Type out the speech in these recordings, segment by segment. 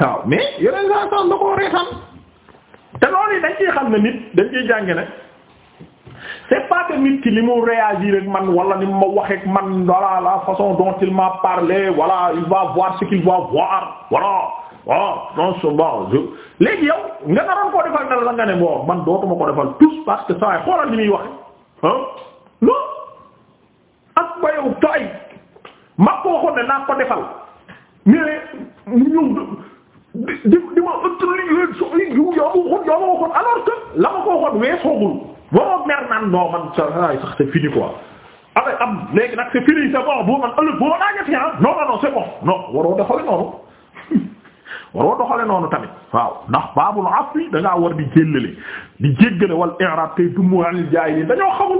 waaw mais yeneen saa saa da koo te loolu yi dañ ne nit dañ ciy jànge c'est pas que nit ki li mu man wala ni ma waxee ak man voilà la façon dont il m'a parlé voilà il va voir ce qu'il va voir voilà ah non c'est bon léegi yow nga naroon koo defal dara bon man dootuma defal tous parce que saa yi xoolal li muy waxe ah non ak ba yow tooy ko waxoon ne ko defal mais ñu. di di ma ëttali so yu yoo ma waxoon yoo ma waxoon alors que la ma ko waxoon weesoogul boo mer naan non man sa ay sax c'est fini quoi avec am léegi nag c'est fini c'est bon bu man ëllëg boo naa ñetti ah, doxale noonu waroo doxale tamit waaw ndax baabul afwi da ngaa war di jéllale di jéggale wal i'rab kay dumu'al jaahiliin dañoo xamul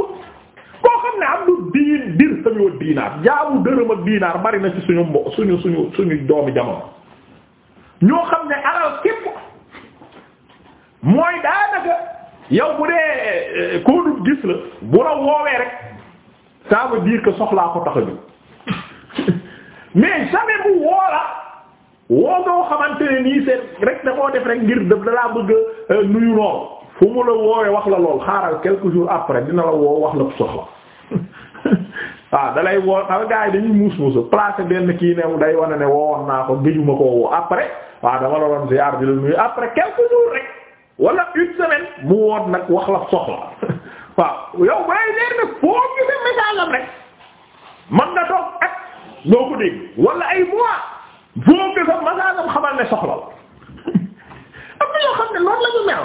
koo xam ne am du diin dir sañoo diinaar jaamu dërëm ak diinaar bari na ci suñu mbo suñu suñu doomi jamono ñoo xam ne alal képp mooy daanaka yow bu dee euh, kóodub gis la bu la woowee rek ça veut dire soxlaa ko tax a jóg mais jamais bu woola woo ngoo xamante ne nii seen rek da def rek ngir daf dalaa bëgg a euh, nuyu lool fu mu la woowee wax la lool xaaral quelques jours après dina la woo wax la soxla waaw dalay woo xam gars yi dañuy muus muusa placé benn kii new day wane ne woowoon naa ko géjuma koo woo après waaw dama la doon ziar di la nuyu après quelques rek wala une semaine mu woot nag wax la soxla waaw yow bay leer ne foo gisee message rek man nga toog ak doo ko dégg wala ay mois foo gisee message am ne soxla am na yoo xam ne loolu la ñu mel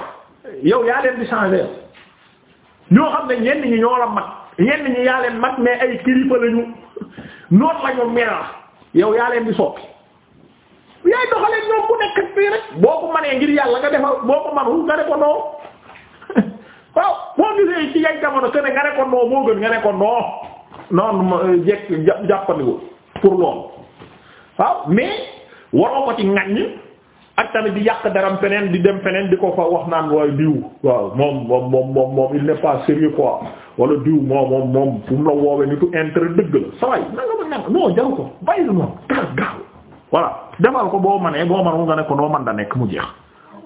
yow yaa leen di changer ñoo xam ne ñenn ñi ñoo la mag yenn ñi yaa leen mag mais ay kilifa lañu lañu mel yow yaa leen di soppi yaay doxaleen ñoom bu nekk fii rek boo ko manee ngir yàlla nga defal boo ko manul nga ne boo gisee ci jamono que ne nga ne ko moo gën nga ne ko noo noonu euh, jekk jàppandiku pour loolu waaw mais waroo ko ci ngañ ak tamit di yàq daram feneen di dem feneen di ko fa wax naan waaye diw waaw moom moom moom moom moom il n'est pas sérieux quoi wala diw moom moom moom fu mu la woowee nitu intérêt dëgg la sa nanga ma nang non jaru ko bàyyi lu moom gaaw defal ko boo manee boo man nga ne ko noo man da nekk mu jeex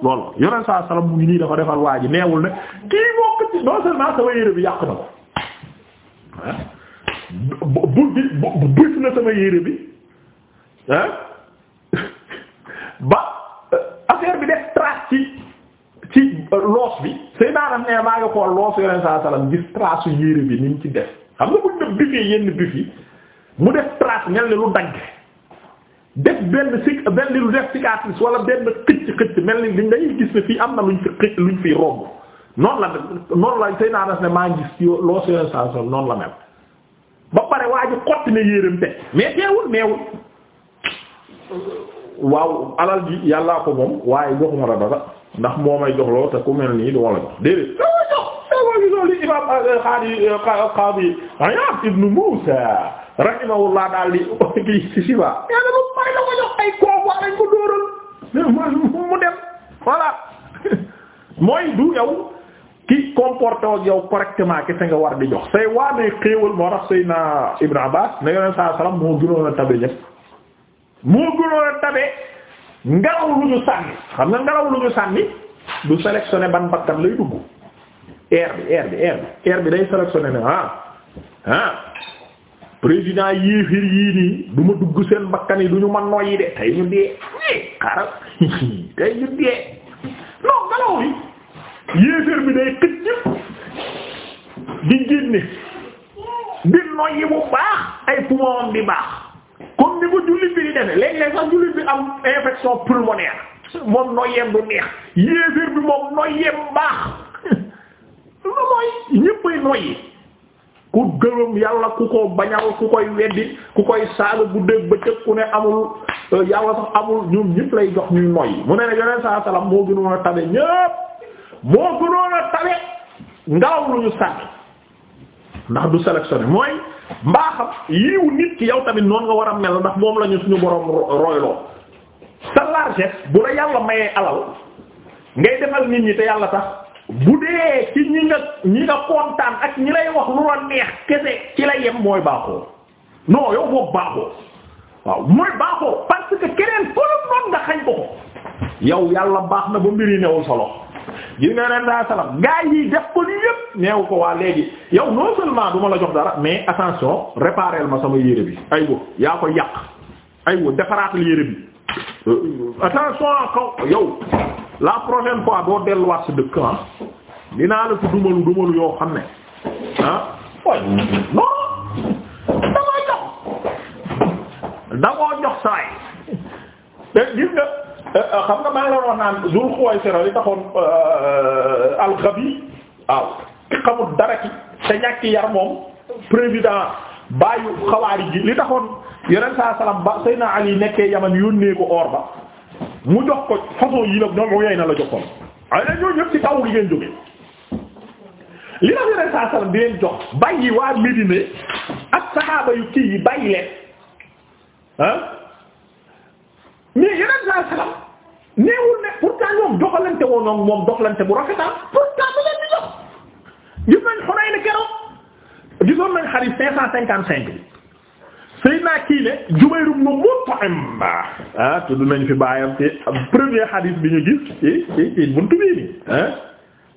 loolu yoneen saa salam mu ngi nii dafa defal waa ji neewul ne kii bokk ci non seulement sama yére bi yàq na ko bu bu bu na sama yére bi ah ba affaire bi def trace ci ci euh, loos bi say naanam ne maa ngi xool loos yoneen saa sallam yére bi ni ci def xam mu def trace mel ni lu benn si benn lu def cicatrice wala mel ni liñ dañuy am na luñ fi xëcc la noonu la say naanas ne noonu la mel ba pare waa ji xotti ne yéreem teg mais teewul meewul waaw alal ji yàllaa ko moom waaye joxuma la dara ndax moo may jox lool te ku mel nii du la jox déedéet. waaw gisoo li daal di kii si Siba. yàlla ko jox ay kooku wax nañ ko dóoral mu dem mooy du yow ki comporté ak yow correctement kese nga war di jox. say waamee xéewal moo tax Seydina Ibn Abbas ne Yonent saa salaam moo gënoon a tabe ñépp. mu gënoon a tabe ngelaw lu ñu sànni xam nga ngelaw lu ñu sànni du sélectionné ban bakkan lay dugg air bi air bi air bi air bi day sélectionné ne ah ah président yéefir yii nii du ma dugg seen bakkan yi du ñu man noyyi de tey ñu dee xaaral tey ñu dee non ngelaw li yéefir day xëcc di génne di noyyi bu baax ay poumon bi baax. comme ni ko jullit bi di defe léeg-léeg sax jullit bi am infection pulmonaire moom noyyeem du neex yéeféer bi moom noyyeem baax lu mooy ñéppay noyyi ku gërëm yàlla ku ko bañal ku koy weddi ku koy saaga bu dégg ba tëb ku ne amul euh, yàlla sax amul ñoom ñépp lay jox ñuy noyyi mu ne ne yoneen saa salaam moo gënoon a tabe ñépp moo gënoon a tabe ngelaw lu ñu sànni ndax du sélectionné mooy mbaaxam yiiw nit ki yow tamit noonu nga war a mel ndax moom la ñu suñu borom royloo sa largesse bu la yàlla mayee alal ngay defal nit ñi te yàlla tax bu dee ci ñi nga ñi nga kontaan ak ñi lay wax lu la neex kese ci la yem mooy baaxoo non yow boobu baaxoo waaw mooy baaxoo parce keneen kóolum noonu nga xañ ko ko yow yàlla baax na ba mbiri newul solo gis nga ren daa salam gars yi def ko lii yëpp neew ko waa léegi yow non seulement du la jox dara mais attention réparer ma sama yére bi aywa yaa ko yàq aywa defaraatal yére bi euh, attention kaw yow la prochaine fois doo delluwaat sa dëkk ah, dinaa la fi dumalu dumalu yoo xam ne ah way non da ngoo jox da ngoo te gis nga Euh, euh, xam nga maa ngi la wax naan Zul Xuwaysira li taxoon euh, al-Ghabi waaw xamul dara ci te ñàkk yar moom président bàyyu xawaari ji li taxoon yeneen saa salaam ba Seydina Ali nekkee Yaman yónnee ko or mu jox ko façon yi la ñoom mu yey na la joxoon waaye nag ñooñu ñëpp ci taw salaam di leen jox bàyyi waa Médine ak saxaaba yu kii yi bàyyi leen ah mais yeneen saa salaam. neewul ne pourtant ñoom doxalante woon ak moom doxalante bu rafetal ah. pourtant mu leen di jox gis nañ xonay ne keroog gisoon nañ xarit cinq cent cinquante cinq bi Seydina kii ne Jubayr ibn Mut'im ah tudd nañ fi baayam ci premier xadis bi ñu gis ci ci ci buntu bii nii ah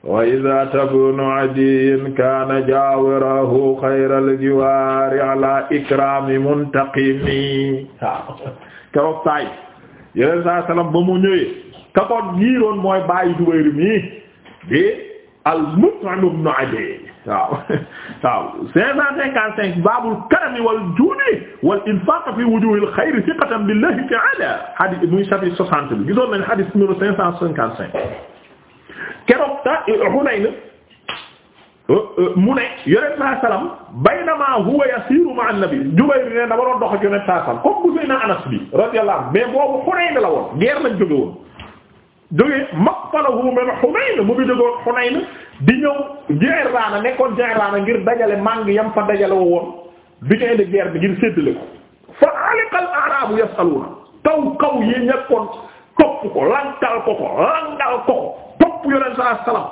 wa idha tabnu adiyin kana jawirahu xayral jiwaari ala ikrami muntaqimi waaw keroog saay yeneen saa salaam ba mu ñëwee ka ko giiroon mooy bàyyi Zubayr mi di al-Mut'im ibn Adiy waaw waaw cinq cent cinquante cinq baabul karami wal juudi wal infaaq fi wujuuhil xayri siqatan billahi ta'aala hadith muy chapitre soixante bi gisoon nañ hadith numéro cinq cent cinquante cinq keroog ta Hunayn Euh, euh, mu ne yonent saa salaam baynamaa huwa yasiiru ma'a nabi Jubayr ne dama doon dox ak yonent saa salaam comme bu Seydina Anas bi radiyallahu anhu mais boobu Hunayn la woon guerre lañ jóge woon. jóge maqfalahu min Hunayn mu ngi jógoon Hunayn di ñëw Ji'rana nekkoon na ngir dajale màng yam fa dajale woon butin de guerre bi ngir séddale ko fa aliqa al yas'aluuna kaw kaw yi ñekkoon topp ko langal ko ko langal ko ko topp yonent saa salaam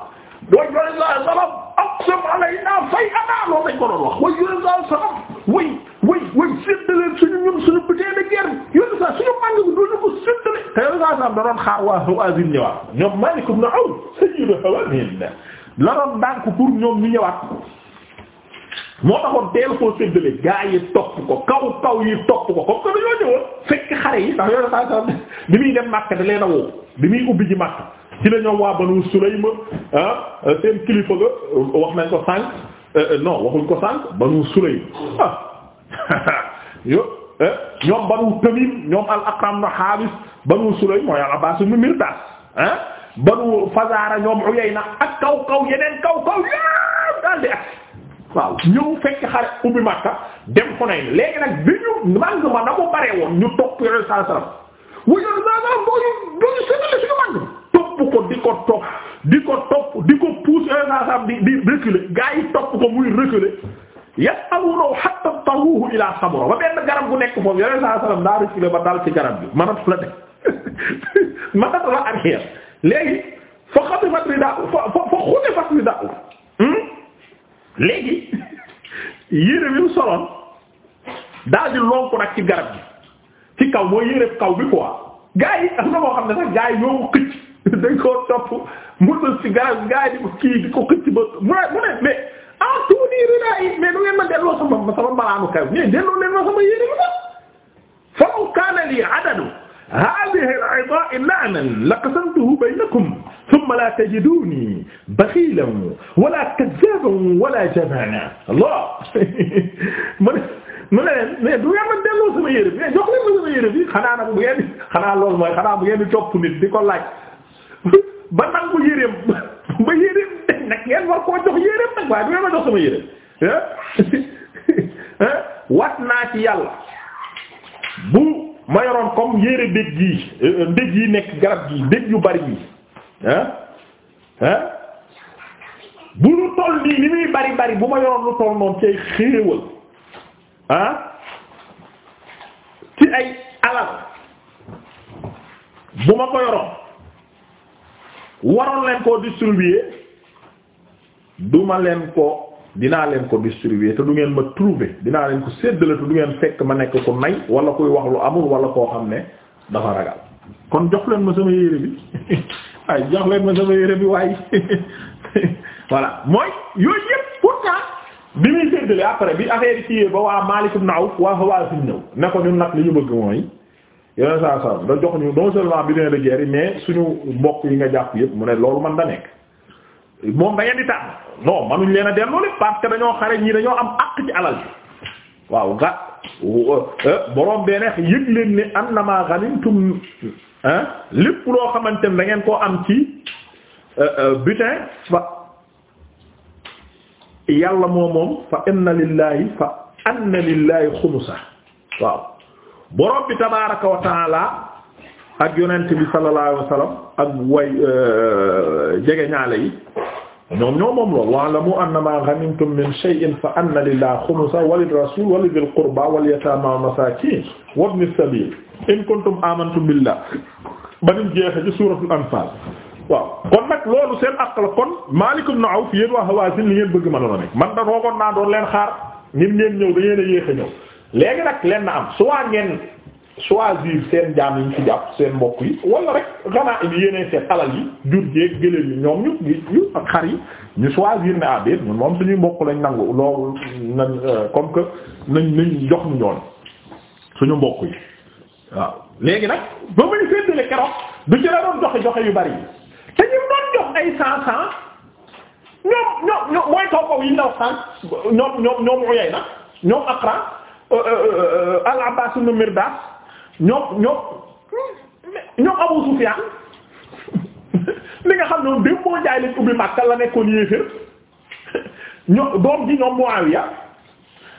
doon yore saa salaam aqsim alayna fay'ana loolu ko doon wax. way yore saa salaam way way way séddale suñu ñun suñu butin de guerre yore saa suñu màng bi doo ñu ko séddale. te saa salaam da doon xaar waa Hawazin ñëwaat ñoom Malik ibn Awf sayyidu Hawazin la doon dànk pour ñoom ñu ñëwaat. moo taxoon teel koo séddale gaa yi topp ko kaw kaw yi topp ko comme que dañoo ñëwoon fekk xare yi di muy dem Makka da leen a woo bi muy ubbi ji Makka. ci la ñoom waa Banu Sulaym ah seen kilifa wax nañ ko sànq non waxuñ ko sànq Banu Sulaym ñoom Banu Tamim ñoom al-Aqram na Haabis Banu Sulaym mooy abbaas ibn Mirdaas Banu Fazaara ñoom Uyayna ak kaw kaw yeneen kaw kaw yépp daal di ak waaw ñëw fekk xare ubbi Makka dem Hunayn léegi nag bi ñu màng ma na mu bare woon ñu topp Yonent sallallahu alayhi wasallam wuñu doon boo ñu doon séddale suñu màng topp ko di ko topp di ko topp di ko pousser insensable di di reculer gaa yi topp ko muy reculer yasalunahu hatta taruhu ila sabra ba benn garab gu nekk foofu yoneen saa sallam daa reculer ba dal ci garab yi manatu la def manatu la arrière léegi fa xatifat rida fa fa hmm? léegi yére bi mu soloon daal di lonku nag ci garab gi ci kaw mooy yére kaw bi quoi gaa yi am na moo xam ne sax gaa yi ñoo dañ koo topp mënul ci garab gaa yi di ko kii di ko xëcc ba mu ne mu ne mais en tout dire naa yi mais nu ngeen ma delloo sama sama mbalaanu kaw mais delloo leen ma sama yéene bi ba fa mu kaana lii adadu hadhihi al-'idaa'i na'man laqasamtuhu baynakum thumma laa tajiduni bakhilan wala kazzaaban wala jabaanan Allah mu ne mu ne leen mais du ngeen ma delloo sama yére bi mais jox leen ma sama yére bi xanaa nag bu ngeen xanaa loolu mooy xanaa bu ngeen di topp nit di ko laaj ba nangu yéreem ba yéreem dañ nag ma jox sama yéreem eh? Eh? wat naa ci yàlla bu ma yoroon comme yére dëgg yi eh, dëgg yi nekk garab gi dëgg yu bari yi ah ah bu lu toll nii li muy bari bari bu ma yoroon lu toll noonu ci ay xéewal ah ci ay alal bu ma ko yoroon waroon leen koo distribuer duma leen ko dinaa leen ko distribuer te du ngeen ma trouver dinaa leen ko séddale te du ngeen fekk ma nekk ku nay wala kuy wax lu amul wala koo xam ne dafa ragal kon jox leen ma sama yére bi ay jox leen ma sama yére bi waaye voilà mooy yooyu yëpp pourtant bi muy séddale après bi affaire yi ba waa Malik ibn Awf waa Hawaazin ñëw ne ko ñun nag li ñu bëgg mooy. yeneen saa saa da jox ñu non seulement butin de guerre yi mais suñu mbokk yi nga jàpp yëpp mu ne loolu man da nekk moom da di tànn non manuñ leen a delloo lépp parce que dañoo xare ñii dañoo am àq ci alal bi waaw ga euh, euh, borom bee neex yëg leen ne annama ghanimtum lépp loo xamante ne da koo am ci euh, butin fa yàlla moo moom fa inna lillahi fa anna lillahi xumusa waaw borom bi tabaaraka wa taala ak yonent bi sallallahu alayhi wa ak way euh, jege ñaale yi ñoom ñoo moom loolu wa'lamu annama ghanimtum min shay'in fa anna lillahi khumusa wa lirrasul wa lidhil qurba wal yatama wal masakin wa ibn as in kuntum amantum billah banim jeexe ci suratul waaw kon nag loolu seen àq la kon Maalik ibn Awf yéen waa Hawaazin li ngeen bëgg ma doon a nekk man da naa doon leen xaar ngir ngeen ñëw da ngeen a yéex a léegi nag leen na am soit ngeen choisir seen jaam yi ñu ci jàpp seen mbokk yi wala rek xanaa indi yeneen seen alal yi jur jeeg gëléem yi ñoom ñu ñu ak xar yi ñu choisir ne abir ah ñun moom suñuy mbokk lañ nangu loolu nañ euh, comme que nañ nañ jox ñu ñoon suñu mbokk yi waaw léegi nag ba muy séddale keroog du ci la doon joxe joxe yu bari yi te ñu doon jox ay cent cent ñoom ñoom ñoom mooy taw kaw yi ñu la wax sànq ñoom ñoom ñoom Uyayna ñoom Aqra Euh, euh, euh, al Abbas ibn Mirdas ñoom ñoom ñoom Abu Sufyan li nga xam ne moom démb moo jaay leen ubbi Makka la nekkoon yéeféer ñoom doom ji ñoom Muawiya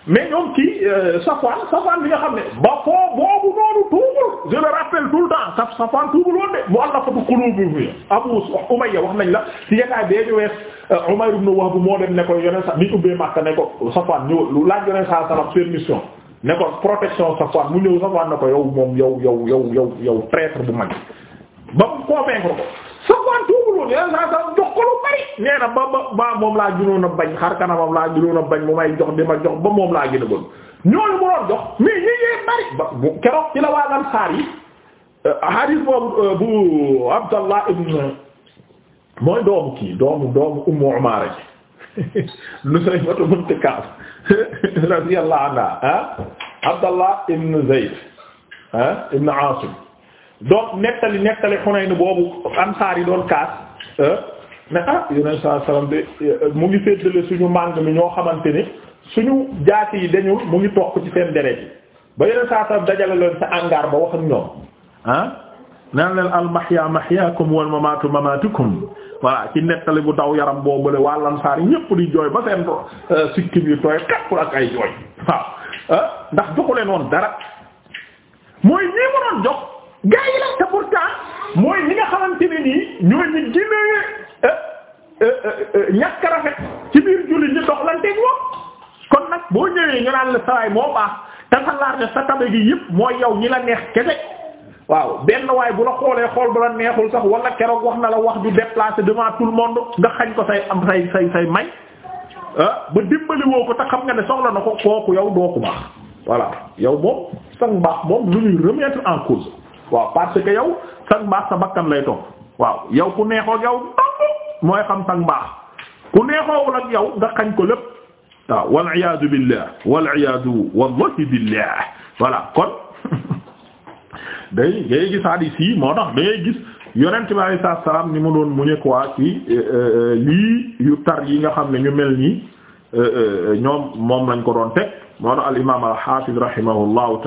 mais ñoom kii euh, Safwan Safwan bi nga xam ne ba foo boobu noonu tuubul je le rappelle tout le temps saf Safwan tuubul woon de mu allafatu qulubu fi Abu Umayya wax nañ la ci yakaay bee ñu wees euh, Umayr ibn Wahb moo dem ne ko yoneen sa ni ubbee Makka ne ko Safwan ñëw lu laaj yoneen sa salam permission ne ko protection Safwan mu ñëw Safwan ne ko yow moom yow yow yow yow yow traître bu mag ba bu convaincre ko Safwan loolu yeneen saa saa jox ko lu bari nee na ba ba moom laa gënoon a bañ xar kanamam laa gënoon a bañ mu may jox di ma jox ba moom laa gën a bëgg ñooñu mu doon jox mais ñi ñee bari ba bu keroog ci la waa Ansaar yi euh, hadith boobu euh, bu Abdallah ibn mooy doomu kii doomu doomu Ummu Umaara ji Nusayba bint Ka'b radiyallahu anha ah Abdallah ibn Zayd ah ibn Aasim donc nettali nettali Hunayn boobu ansaar yi doon kaas ne euh, ah yeneen saa salaam de euh, mu ngi féetale suñu màng mi ñoo xamante ni suñu jaati yi dañu mu ngi toq ci seen deret yi ba yeneen saa salaam dajale leen sa angaar ba wax ñoom ah naan mahyakum wal mamatu mamatukum voilà ci nettali bu daw yaram boobule waa Ansaar ñépp di jooy ba seen euh, sikkim yu tooy kapp ak ay jooy waaw ah? ndax joxu woon dara mooy ñi mënoon jox. gaa yi la te pourtant mooy ñi nga xamante nii ñooy ñi gënee ci biir jullit ñi doxalanteeg moom kon nag boo ñëwee ñu naan la sawaay moo baax te sa large sa tabe gi yëpp mooy yow ñi la neex kese waaw benn waay bu la xoolee xool bu la neexul sax wala keroog wax na la wax du déplacé devant tout le monde nga xañ ko say am say say say may ah, ba dimbali woo ko te xam nga ne soxla na ko kooku yow doo ko baax voilà yow moom sax mbaax moom lu ñuy remettre en waaw parce que yow sag mbaax sa bakkan lay topp waaw yow ku neexoo yow mooy xam sag mbaax ku neexoowul ak yow nga xañ ko lépp waaw wal iyaadu billah wal iyaadu wallahi billah voilà kon day ngay gis hadis yi moo tax da ngay gis yonent bi alayhi salaam ni mu doon mu ñëkk waa ci eh, eh, eh, lii yu tar yi nga xam ne ñu mel nii ñoom moom lañ ko doon teg moo tax al imaam al haafid rahimahullahu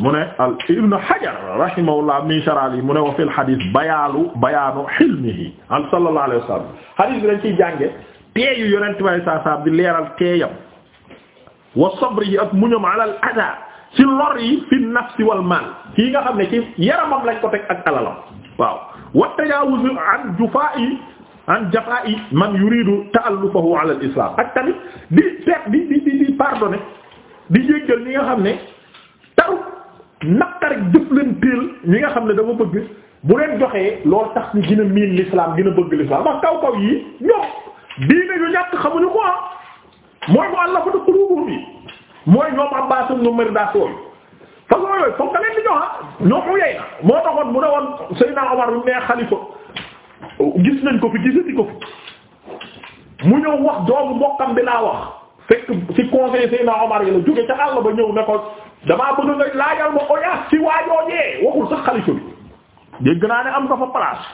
mu ne al ibn hajar rahimahullah mi sharal yi mu ne wa fil hadis bayaalu bayaanu hilmihi an sallallahu alayhi wa sallam hadis bi dañ ciy jànge teeyu yonent bay saa saab di leeral teeyam wa sabri yi ak muñam alal ada ci lor yi fi nafsi wal mal kii nga xam ne ci yaramam lañ ko teg ak alalam waaw wa tajawuz an jufaa'i an jafaa'i man yuridu ta'allufahu ala al islam ak tamit di seet di di di pardonner di jéggal ñi nga xam ne taru naqar jëf leen teel ñi nga xam ne dafa bëgg bu leen joxee loolu tax ñu gën a miin l'islam gën a bëgg l'islam wax kaw kaw yi ñoom diine yu ñàkk xamuñu ko ah. mooy mu allafatu qulubuhum yi mooy ñoom Abbaas ibn Mirdaas yooyu façon yooyu foog nga leen di jox ah. ñoom mu yey na moo taxoon mu ne ko fi gisati ko fi mu ñëw wax doomu mbokkam bi laa wax fekk ci conseil Seydina Omar yi la jóge ca àll ba ñëw ne damaa bëgg nga laajal ma audience ci waajoojee waxul sax xalifa bi dégg am nga fa place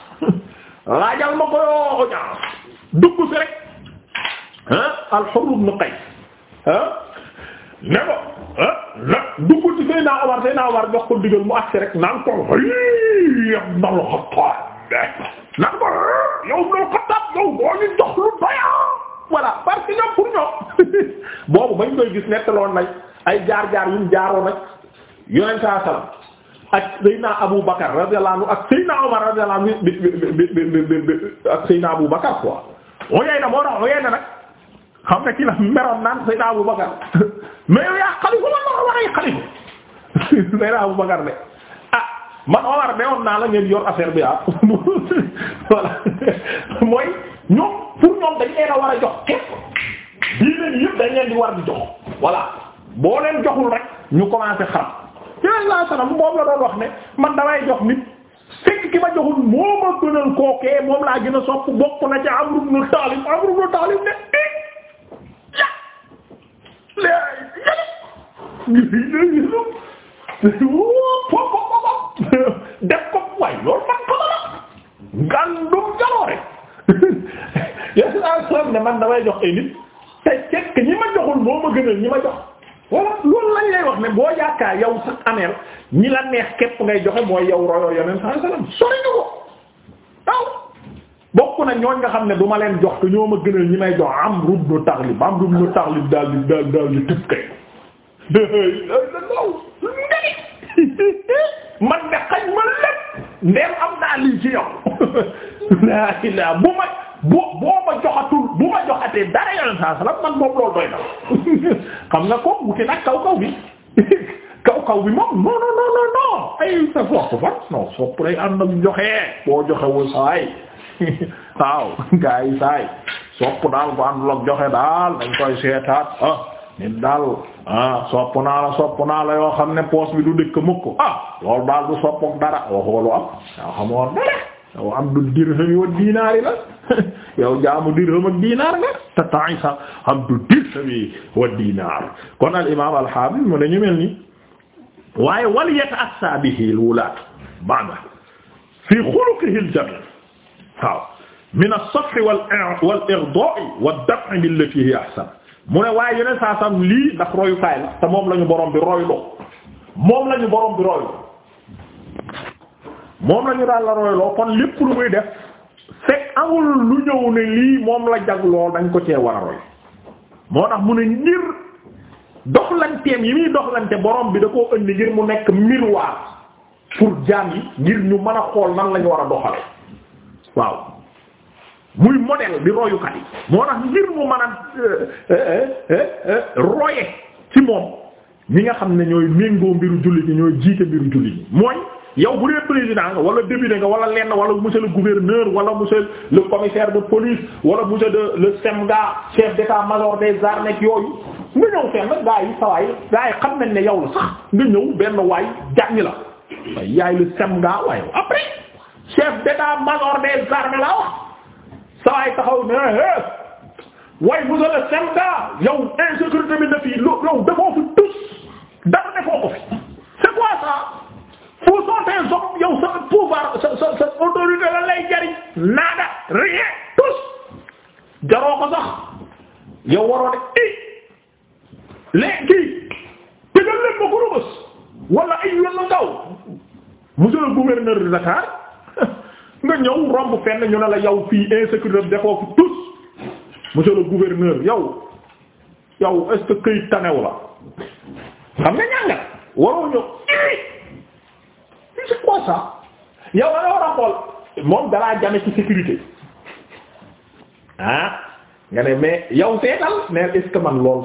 laajal ma ko yoo audience dugg rek ah al-Hurr ibn Qays ne ko ah na dugg ci Seydina Omar Seydina Omar jox ko digal mu agsi rek naan ko ay ibn al-Khattab naan ko yow ibn al-Khattab yow boo ñu jox ah. boobu bañ koy gis nettaloon nañ ay jaar-jaar yu mu jaaroon ak yonent saa salaam ak Seydina Abu Bakar radiyallahu anhu ak Seydina Omar radiyallahu anhu bi bi bi bi ak Seydina Abu Bakar quoi. Uyayna xam nga ci la meroon naan Seydina Abu Bakar mais yow yaa xalifa ah, man la war ay affaire bi ah. mooy ñoom pour ñoom dañ leen a war a jox képp diine yëpp dañ leen di war di jox voilà. boo leen joxul rek ñu commencé xaram yeneen laa sanam moom la doon wax ne man damay jox nit fekk ki ma joxul moo ma gënal moom gën a sopp bokk na ca Amru eh, ko waay loolu man ko la ngandum jaloore damay jox ay nit te fekk ñi gënal ñi ma jox voilà loolu lañ lay wax ne boo yaakaar yow sax ameel ñi la neex képp ngay joxe mooy yow royoo yoneen saa salaam sori ñu ko waaw bokk na ñooñ nga xam ne du ma leen jox te ñoo ma gënal ñi may jox am rub nu taxlib am daal di daal daal di tëb kay xaj ma lépp ndeem am naa ci yow laa ilaa bu ma boo bu ma joxatee dara yoon saa salaam man moom loolu doy na xam nga ko wute nag kaw kaw bi kaw kaw bi moom non non non non sopp joxe boo joxewul saay waaw gaa yi saay sopp daal bu àndul ak joxe daal dañ koy seetaat ah nit daal ah sopp naa la sopp naa la yoo xam ne poos bi du dëkk mukk ah loolu daal du sopp ak dara waxoolu am waaw xamoo dara yow am du dirham wa dinaari la yow jaamu dirham ak diinaar nga te ta'isa abdu dirhami wa diinaar kon al imaam al hafiz mu ne ñu mel ni waaye wal yata'assa bihi al wulaat ba'da fi xuluqihi al jamil waaw mu ne waaye yeneen saa sam lii la te moom la ñu borom bi royloo moom la ñu bi royloo la ñu la royloo kon lépp fekk amul lu ñëw ne lii moom la jag lool dañ ko cee war a roy moo tax mu ne ngir doxlanteem yi muy doxlante boroom bi da koo indi ngir mu nekk miroir pour jaam yi ngir ñu mën a xool nan lañu war a doxale waaw muy modèle bi royukat yi moo tax ngir mu mën a euh, euh, euh, roye ci moom ñi nga xam ne ñooy méngoo mbiru jullit ñi ñooy jiite mbiru jullit ñi mooy yow bu dee président nga wala député nga wala lenn wala monsieur le gouverneur wala monsieur le commissaire de police wala monsieur de le semga chef d'état-major des armées yooyu nga ñëw fenn nag gaa yi sawaay gaa yi xam nañ ne yow la sax nga ñëw benn waay jàññ la waaye yaay le semga waaye après chef d'état-major des armées la wax sawaay taxaw ne eh, eh, waaye monsieur le semga yow insécurité bi na fii loolu defoo fi tous dara defoo ko fi c'est où sont tes hommes yow sa pouvoir sa sa sa autorité la lay jariñ nada rien tous jaroo ko sax yow waroo de i kii tëgal leen ma ko rëbës wala ay yoon la ngaw monsieur le gouverneur de Dakar nga ñëw romb fenn ñu ne la yow fii insécurité defoo fi tous monsieur le gouverneur yow yow est-ce tanew la xam nga ñàngat waroo ñëw mais c'est quoi ça yow da nga war a xool moom dalaa jame ci sécurité ah nga ne mais yow seetal ne est-ce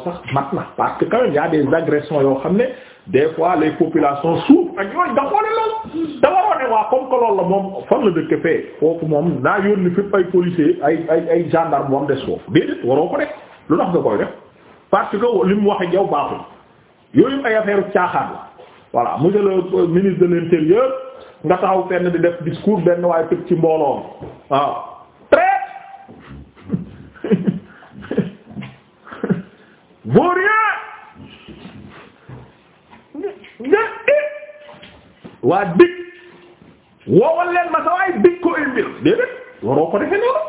sax mat na parce que quand même des agressions yoo xam ne des fois les populations souffrent ak yooyu da xoole loolu da waroo ne waa comme que loolu la moom fan la dëkk fee foofu moom naa yónni fépp ay policiers ay ay ay moom des foofu déedéet waroo ko def lu tax nga koy def parce que li mu wax baaxul yooyu ay affaire caaxaan la voilà monsieur le ministre de l'intérieur nga taxaw fenn di def discours benn waaye tëb ci mbooloo waaw prêt vaut rien nga waa dig woowal leen ma sa waay dig ko ay mbir déedéet ko defee noonu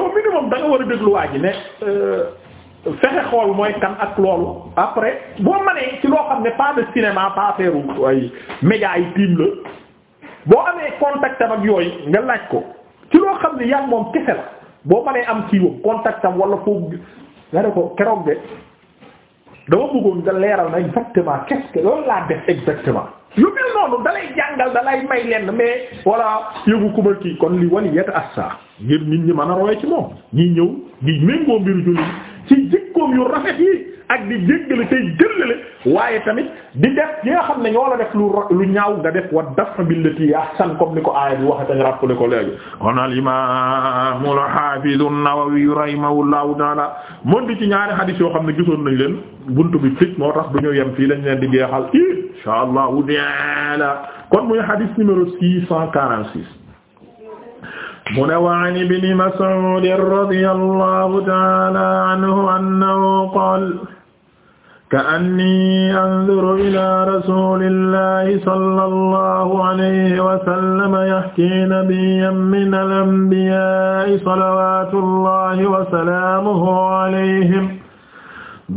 au minimum da war a déglu waa ji ne euh, fexe xool mooy kan ak loolu après boo mënee ci loo xam ne pas de cinéma pas faire ay média yi tiim la boo amee contact am ak yooyu nga laaj ko ci loo xam ne yaa moom kese la boo mënee am ci wam contact am wala foofu nga ne ko keroog de dama bëggoon nga leeral na exactement qu'est-ce que loolu laa def exactement yu mel noonu dalay jàngal dalay may lenn mais voilà yëgu kuma kii kon li wali yeta assa ngir nit ñi mën a roye ci moom ñi ñëw ngi méngoo mbiru julli ci jikkoom yu rafet yi ak di jéggale tey jëllale waaye tamit di def yi xam ne ñoo la def lu lu ñaaw nga def wa dafa billati ahsan comme ni ko aaya bi waxe tañ rappelé ko léegi kon al imam al hafiz an-Nawawi rahimahullahu taala moom di ci ñaari hadith yoo xam ne gisoon nañ leen buntu bi fit moo tax du ñu yem fii lañ leen di jeexal insha allahu taala kon muy hadith numéro six cent quarante six mu ne wa an ibni Mas'ud radiyallahu ta'ala anhu annahu qaala ka'annii anzuru ilaa rasuulillahi sallallahu alayhi wa sallam yahkii nabiyyan minal anbiyaa'i salawaatullahi wa salaamuhu alayhim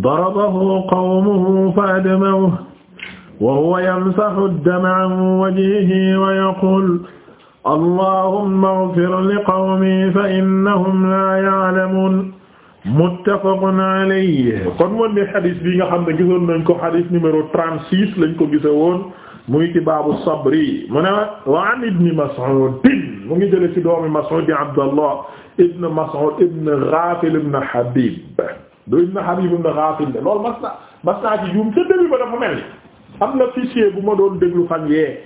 darabahu qawmuhu fa-admawhu wa huwa yamsahu ad-dama 'an wajhihi wa yaquulu allahumma ighfir li qawmi fa innahum laa ya'lamuun muttafaqun alayhi kon moon ne xadis bi nga xam ne gisoon nañ ko xadis numéro trente-six lañ ko gise woon mu ngi ci baabu sabri mu ne wa an ibni Mas'ud mu ngi jële ci doomi Mas'ud di Abdallah ibn Mas'ud ibn Ghafil ibn Habib do ibn Habib ibn Ghafil de loolu mas na mas naa ci juum ca début ba dafa mel ni am na fichier bu ma doon déglu fan yee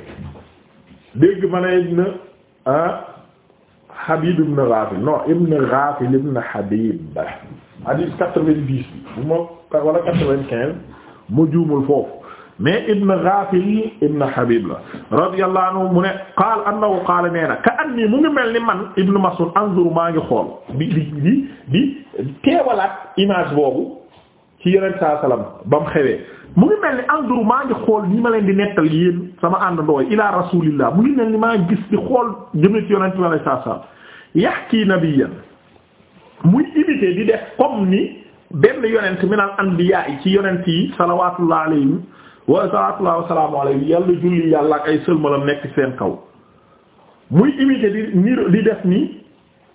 dégg ma ne ibn Ah, Habib ibn Ghafil non ibn Ghafil ibn Habib hadis quatre-vingt-dix bi bu ma wala quatre-vingt-quinze mu juumul foofu mais ibn Ghafil ibn Habib la radiyallahu anhu mu ne qaal annahu qaala nee na ka anni mu ngi mel ni man ibn Mas'ud anzur maa ngi xool di di di di teewalaat image boobu ci yeneen saa salaam ba mu xewee mu ngi mel ni anduru maa ngi xool ni ma leen di nettal yéen sama àndandoo yi ila rasulillah mu ngi mel ni maa gis di xool jëme ci yonent bi sallallahu alayhi wasallam yahki nabiyyan muy imiter di def comme ni benn yonent min al anbiya ci yonent yi salawatullah alayhim wa salawatullah wa salaamu yàlla julli yàlla ak ay sëlmalam nekk ci seen kaw muy imiter di nir di def nii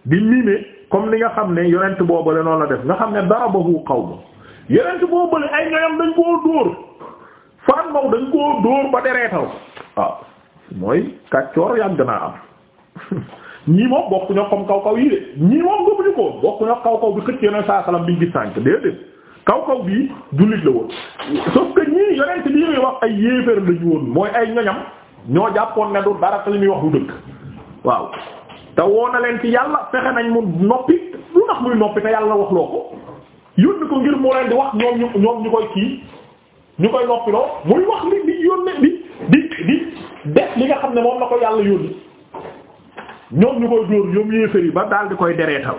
di mimer comme ni nga xam ne yonent boobu la noonu la def nga xam ne darabahu qawm yeneen ci boo bële ay ñoyam dañ koo dóor fan moom dañ koo dóor ba dereetal waaw mooy kàccoor yàgg naa am ñii moom bokku ñoo comme kaw kaw yi de ñii moom gëmuñu ko bokku ñoo kaw kaw bi xëcc yeneen saa salam biñ gis sànk déedéet kaw kaw bii jullit la woon sauf que ñii yeneen ci lii wax ay yéeféer lañu woon mooy ay ñoñam ñoo jàppoon ne du dara te li muy wax du dëkk waaw te woo na leen ci yàlla fexe nañ mu noppi lu tax muy noppi te yàlla wax loo ko yónni ko ngir mu leen di wax ñoom ñu ñoom ñu koy kii ñu koy noppiloo muy wax li di yónne di di di def li nga xam ne moom la ko yàlla yónni ñoom ñu koy dóor ñoom yéefér yi ba daal di koy dereetal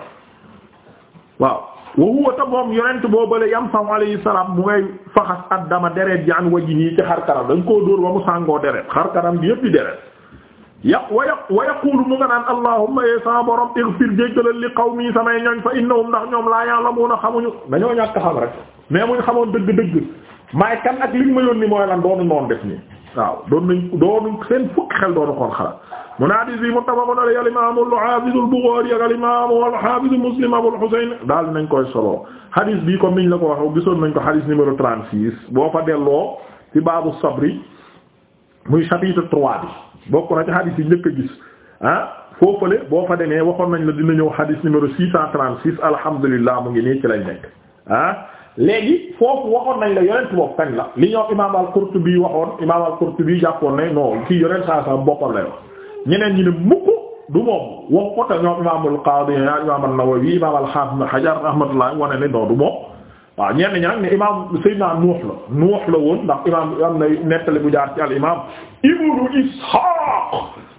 waaw wa huwa ta moom yonent boobale yam sam alayhi salaam mu ngay faxas addama dereet ji an waji nii ci xar kanam dañ koo dóor ba mu sàngoo dereet xar kanam bi yépp di dereet yàq wa yàq wa yaqulu mu nga naan allahumma yee eh, sama borom ighfir jéggalal li qawmi samay ñoñ fa innahum ndax ñoom laa ya'lamuna xamuñu dañoo ñàkk xam rek mais muñ xamoon dëgg-dëgg maay kan ak liñ ma yónni mooy lan doonu noon def nii waaw doon nañ doonu seen fukki xel doonu xoon xalaat munaadis bi muttafaqun alayhi al-imam al-hafiz al-bukhari ak al-imam al-hafiz muslim abu al-husayn daal nañ koy solo hadis bi comme niñ la ko waxee gisoon nañ ko hadis numéro 36 boo fa delloo ci baabu sabri muy chapitre 3 bi. bokk na ci hadith yi njëkk a gis ah foofale boo fa demee waxoon nañ la dina ñëw hadith numéro 636 alhamdulilah mu ngi nii ci lañ nekk ah léegi foofu waxoon nañ la yonent bopp kañ la li ñoo imam al-Qurtubi waxoon imam al-Qurtubi jàppoon ne non kii yonent saa saa boppam la yo ñeneen ñi ne mukk du moom wax ko te ñoom imam al-Qadi imam an-Nawawi imam al-Hafiz Hajar rahmatullah wane ne non du moom waaw ñenn ñi nag ne imaam Seydina Nuux la Nuux la woon ndax imaam am na nettali bu jaar ci al imaam Ibnu Isxaaq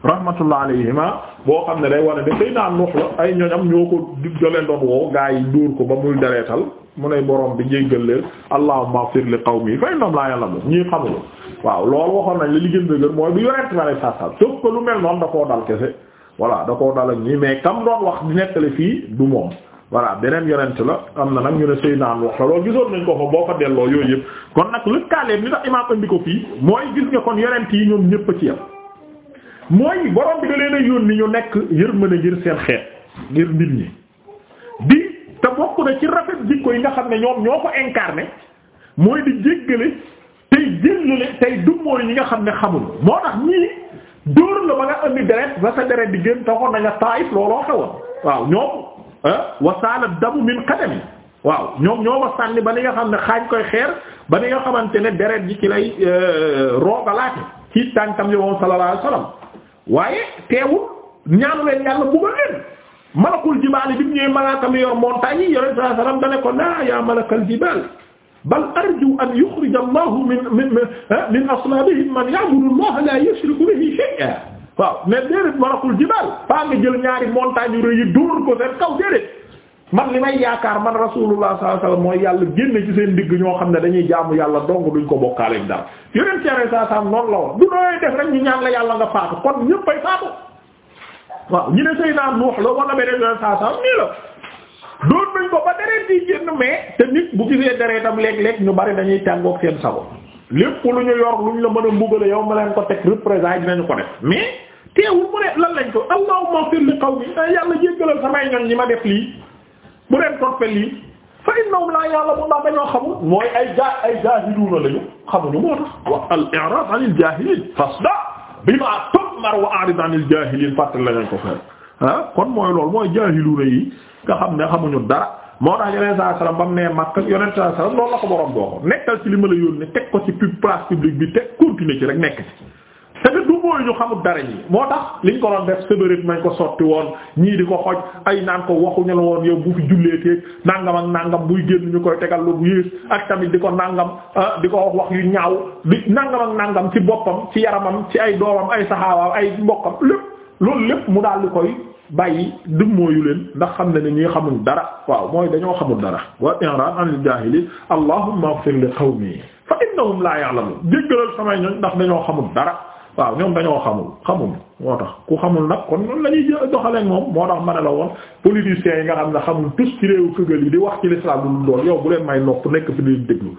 rahmatullah alayhima boo xam ne day war a ne Seydina Nuux la ay ñoñam ñoo ko joleen doon woo gaa yi dóor ko ba muy daleetal mu ne borom bi jéggal leen allahumma ighfir li qawmi fa innahum laa ya'lamuun ñii xamul waaw loolu waxoon nañ la li gën dëgër mooy bu yorent ma lay sàttal sauf lu mel noonu da koo dal kese voilà da koo dal ak mais kam wax di nettali fii du moom voilà beneen yonent la am na nag ñu ne Seydina am wax loolu gisoon nañ ko fa boo ko delloo yooyu yëpp kon nag lëkkaaleem li tax imaam andi ko fii mooy gis nga kon yonent yi ñoom ñëpp a ci yam mooy borom bi da leen a yónni ñu nekk yërmande ngir seen xeet ngir nit ñi di te bokk na ci rafet jikko yi nga xam ne ñoom ñoo ko incarné mooy di jéggale tey jéllale tey dummóor ñi nga xam ne xamul moo tax ñii dóor la ba nga andi deret ba sa deret di gën taxoon nañu Taayif looloo Ah wa saala damu min qadami waaw ñoom ñoo ma sànni ba ni nga xam ne xaañ koy xeer ba ni nga xamante ne deret ji ci lay euh, roogalaate ci tànkam yi moom sallallahu alayhi wasallam waaye teewul ñaanu leen yàlla buggal leen malakul jibaal bi mu ñëwee malaaka mi yor montagne yi yore sallallahu alayhi wasallam da ne ko laa yaa malakal jibaal bal arju an yukhrij allahu min min min aslaabihim man ya'budu allaha la yushriku bihi shay'an waaw mais déedéet malakul jibaal faa nga jël ñaari montagne yu rëy yi dóor ko seen kaw déedéet man li may yaakaar man rasulullah sallallahu alayhi mooy yàlla génne ci seen digg ñoo xam ne dañuy jaamu yàlla dong duñ ko bokkaale ak dara yeneen cere saa saa la woon du nooy def rek ñu ñaan la yàlla nga faatu kon ñëpp ay waaw ñu ne Seydina Nuux la wala beneen yoon saa saa nii la doon nañ ko ba deret di génn mais te nit bu gisee deretam léeg-léeg ñu bari dañuy tàngook seen sago lépp lu ñu yor lu ñu la mën a mbugale yow ma leen ko teg représailles dinañu ko def mais teewul mu ne lan lañ ko allahumma fir li qawmi ah, yàlla jéggalal samay ñoñ ñi ma def lii bu leen toppee lii fa innahum la ya'lamun ndax dañoo xamul mooy ay ja ay jaahiluuna lañu xamuñu moo tax wa al-i'rad 'anil jaahiliin fasda bima tu'mar wa a'rid 'anil jaahiliin fàttali lañu ko fa ah kon mooy loolu mooy jaahiluuna yi nga xam ne xamuñu dara. moo tax yonent sa salaam ba mu nee Makka yonent saa salaam loolu la ko borom doo ko nekkal ci li ma la yónnee teg ko ci place publique bi teg continuer ci rek nekk ci. te du mooy ñu xamul dara ñi moo tax liñ ko doon def sëbërit mañ ko sotti woon ñii di ko xooj ay naan ko waxuñu la woon yow bu fi julleeteeg nangam ak nangam buy génn ñu koy tegal lu bu yées ak tamit di ko nangam ah, di ko wax wax yu ñaaw di nangam ak nangam ci boppam ci yaramam ci ay doomam ay saxaabaam ay mbokkam lépp loolu lépp mu daal di koy. bàyyi du dummóoyu leen ndax xam ne dañuy xamul dara waaw mooy dañoo xamul dara wa i'rad anil jaahili allahumma ighfir li qawmi fa yaa la ya'lamun jéggalal samay ñoñ ndax dañoo xamul dara waaw ñoom dañoo xamul xamul moo tax ku xamul nag kon noonu la ñuy doxalee moom moo tax ma ne la woon politiciens yi nga xam ne xamul tus ci réew këgal yi di wax ci l'islam lu dool yow bu leen may nopp nekk fi di déglu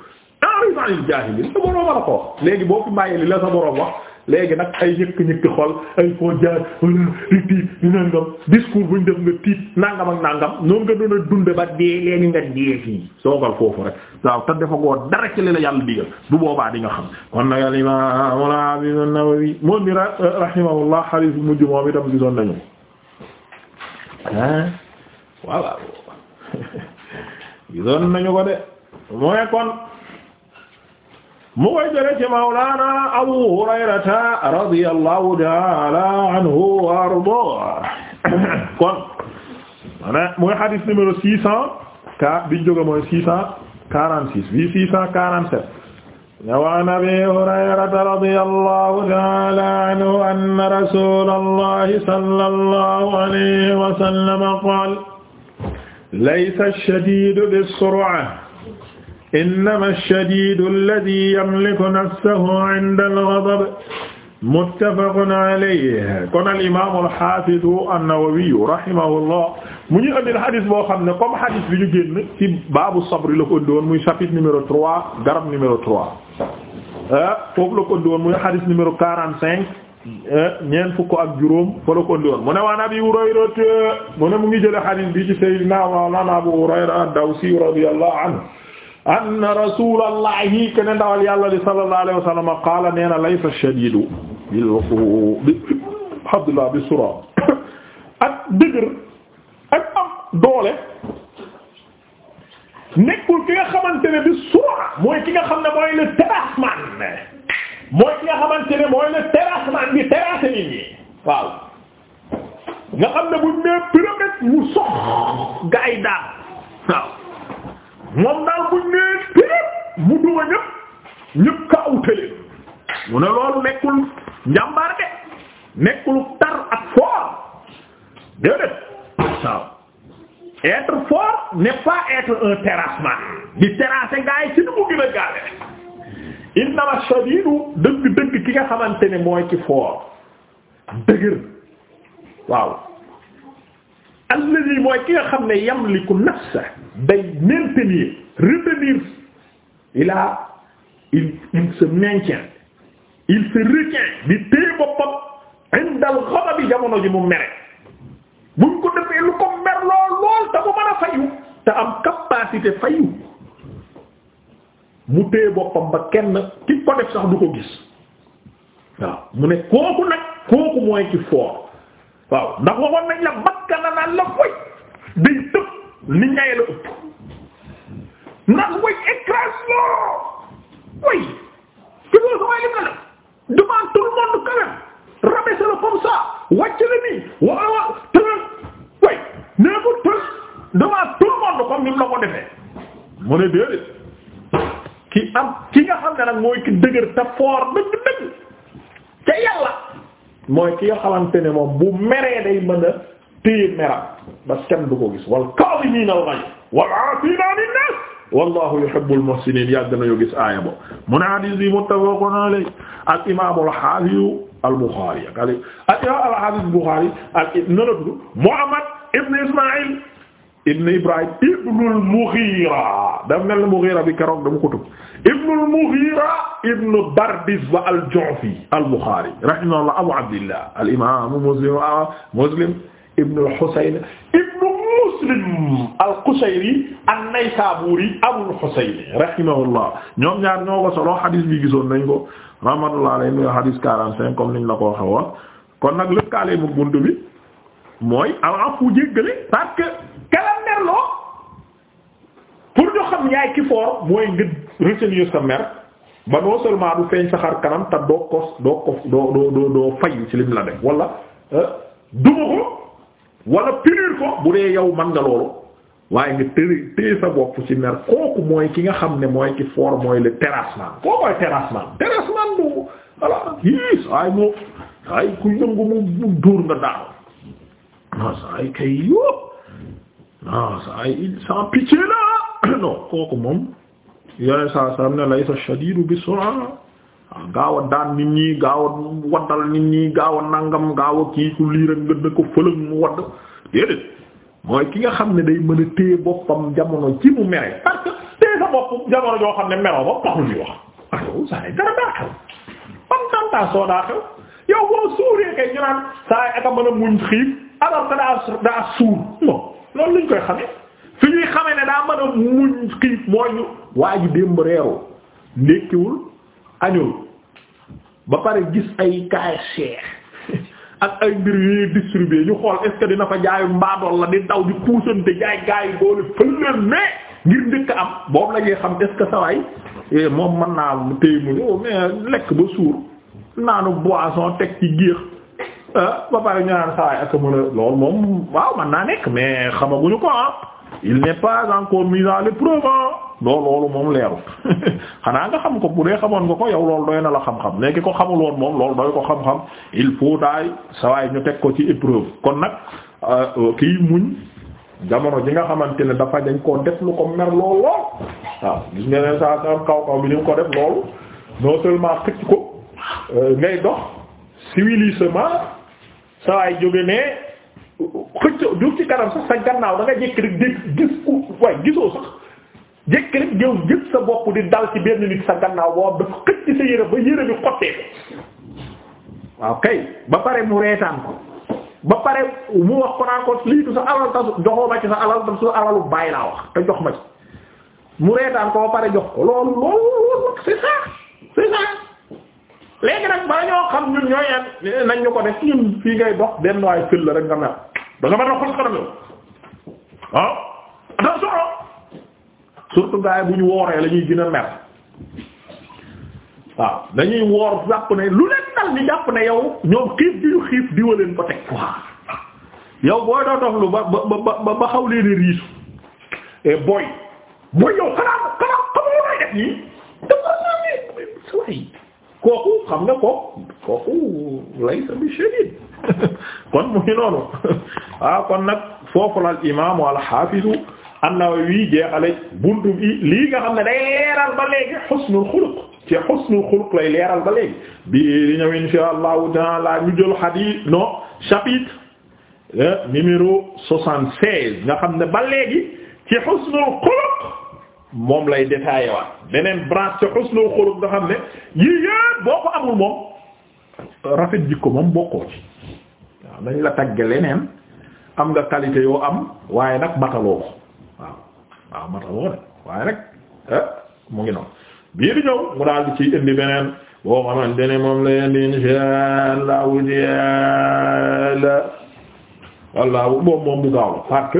a'rad anil jaahili sa boroom ko léegi boo bàyyi li la sa boroom wax léegi nag ay ñëkk-ñëkk xol ay foo jaar di tiit di nangam discours buñ def nga tiit nangam ak nangam noonu nga doon a dunde ba dee léegi nga dee fii soogal foofu rek waaw te dafa goo dara ci li la yàlla digal du boobaa di nga xam kon nag al imam al-Hafiz an-Nawawi moom ni euh, rahimahullah hadith mujj moom itam gisoon nañu ah waaw gisoon nañu ko de mu ne kon mu koy jëlee ci mawlaana Abu Hurayrata radiyallahu ta'ala anhu wa ardaahu kon ana mooy hadith numéro six cent quatre bi jóge mooy six cent quarante six bi six cent quarante sept wa an Abi Hurayrata radiyallahu ta'ala anhu anna rasulallahi sallallahu alayhi wa sallam qaala laysa ash-shadiidu bis-sur'a innama ash-shadidu alladhi yamliku nafsahu 'inda al-ghadab muttafaqun alayhi kon al imaam al-haafidu an-Nawawi rahimahullah mu ñu andil xadis boo xam ne comme xadis bi ñu génn ci baabu sabri la ko ëndi woon muy chapitre numéro trois garab numéro trois ah foofu la ko ëndi woon muy xadis numéro quarante cinq ah, ñeent fukk ak juróom fa la ko ëndi woon mu ne waan Abi Hurayra mu ne mu ngi jëlee xadis bi ci Sayyidina Mawlana Abu Hurayra ad-Dawsi radiyallahu anhu anna rasulallahi ke ne ndawal yàlla li sallallahu alayhi wa sallam qaala nee na laysa shadidu bil wafu bi abdullah bi sura ak dëgër ak am doole nekkul ki nga xamante ne bi sura mooy ki nga xam ne mooy le terrassement mooy ki nga xamante ne mooy le terrassement bi terrasse nit ñi waaw nga xam ne buñ nee pyramide mu sox gaay daal waaw moom daal buñ mu duma ñëpp ñëpp kaaw tële mu ne loolu nekkul njàmbaar de nekkul tar ak fort déedéet waaw être fort n'est pas être un terrassement di terrasser gars ci nu mu gën a gaale innama shadidu dëgg-dëgg ki nga xamante ne mooy ci fort dëgër waaw alladhi mooy ki nga xam ne yamliku nafsa day maintenir retenir il il il se il se retient di téye boppam indal ghadab bi jamono ji mu mere buñ ko defee lu ko mer lool lool te mu mën a fayu te am capacité fayu mu téye boppam ba kenn ki ko def sax du ko gis waaw mu ne kooku nag kooku mooy ci foor waaw ndax waxoon nañ la bakka na la foy day tëb ni ñaye la ëpp naan way écrase loo way te loolu samay li nga la devant tout le monde quand même rabaisse le comme ça wàcc la nii waa waa tëral way nee ko tël devant tout le monde ni mu la ko defee mu ne déedéet ki am ki nga xam ne nag mooy ki dëgër te fort dëgg dëgg ca yàlla mooy ki nga xamante ne moom bu meree day mën a téye meram ba kenn du ko gis wal kaazimiina al ghayz wal aafiina anin naas wallahu yuhibbul muhsinin yàgg nañu gis aaya bo mu ne hadis bi muttafaqun alayhi al imam al hafiz al bukhari al imam al hafiz al bukhari ak nanatudd muhammad ibn ismail ibn ibrahim ibn al mughira daf mel ne mughira bi keroog dama ko tudd ibn al mughira ibn bardizbah al ju'fi al bukhari rahimahullah abu abdillah al imam muslim muslim ibn al husayn muslim al-Qushayri an-Naysaburi Abul Husayn rahimahullah ñoom ñaar ñoo ko solo xadis bi gisoon nañ ko rahmatullah alayhi nga xadis 45 comme niñ la ko waxee kon nag lëkkaale mu bunt bi mooy al-afu jéggale parce que kalam merloo pour ñu xam yaay ki mooy nga retenir sa mer ba non seulement du feeñ sa xar kanam te doo ko doo ko doo doo doo fay ci lim la def wala euh, duma wala pirir ko bu dee yow man nga loolu waaye nga tëri sa bopp ci mer kooku mooy ki nga xam ne mooy ki foor mooy le terrassement koo mooy terrassement terrassement du voilà iis ay moo ay ku yëngu mu mu dóor nga daal non sa ay kay yóp non sa ay il la non kooku moom yone saa sam ne lay sa shadidu bi sura waaw gaaw a daan nit ñi gaaw a waddal nit ñi gaaw a nangam gaaw a kii ku lii rek nga ne ko mu wadd déedéet mooy ki nga xam ne day mën a téye boppam joo xam ne meroo ba ah, daa xew a muñ xiif alors que daa suur moom loolu luñ koy xamee fi ñuy xamee ne daa mën a muñ xiif mooy ñu waa démb reeroo ndékkiwul añul ba pare gis ay cachet ak ay mbir yu distribué ñu xool est-ce dina fa jaayu mbaadool la di daw di puusante jaay gaay yi doole fële ngir njëkk am boobu la xam est-ce que eh, moom mën naa mu mu ñëw oh, mais lekk ba suur naanu boisson teg ci géex ah, ba pare ñu naan saa mën a loolu moom waaw man naa nekk mais xamaguñu ko ah. il n'est pas encore mis à l'épreuve loolu moom leerul xanaa nga xam ko bu dee xamoon nga ko yow loolu doy na la xam-xam léegi ko xamul woon moom loolu doy ko xam-xam il faut daay sawaay ñu teg ko ci épreuve kon nag euh, kiy muñ jamono ji nga xamante ne dafa dañ koo def lu ko mer lool lool waaw gis nga ne saa saa kaw kaw bi ni ko def loolu non seulement xëcc ko euh, ngay dox civilisement sawaay jóge ne xëccoo du ci kanam sax sa gannaaw da nga jékki gis ku waaye gisoo sax jékki gis sa bopp di dal ci benn nit sa gannaaw boobu dafa xëcc sa yére ba yére bi xottee waaw kay ba pare mu reetaan ko ba pare mu wax ko naan ko lii du sa alal ta joxoo ma sa alal ta alalu bàyyi naa wax te jox ma ci mu reetaan ko ba pare jox ko loolu loolu loolu c'est ça c'est ça léegi nag bala ñoo xam ñun ñooy en nañ ñu ko def ñun fii ngay dox benn waay fël la rek nga mel da nga mën ah, bu ñu wooree la ñuy gën mer dañuy woor jàpp ne lu leen yow yow booy doo dox lu ba ba ba ba xaw leen kooku xam nga kooku kooku laysa bi shadid kon mu ngi noonu waaw ah, kon nag foofu la al imaamu al xaafizu an-Nawawi jeexale buntu bi lii nga xam ne day leeral ba léegi xusnul xuluq ci xusnul xuluq lay leeral ba léegi bi di ñëw insha allahu taala no chapitre eh, numéro soixante-seize nga xam ne ba léegi ci xusnul xuluq moom lay détaillé waat beneen branche ci xusnul xuluq nga xam ne yii yépp boo ko amul moom rafet jikko moom bokkoo ci waaw nañ la tagge leneen am nga qualité yoo am waaye nag mataloo ko waaw waaw mataloo de waaye nag mu ngi noonu bii ci indi beneen boo ne moom lay indi insha Allahu jalla wallahu moom moom bu gaaw la parce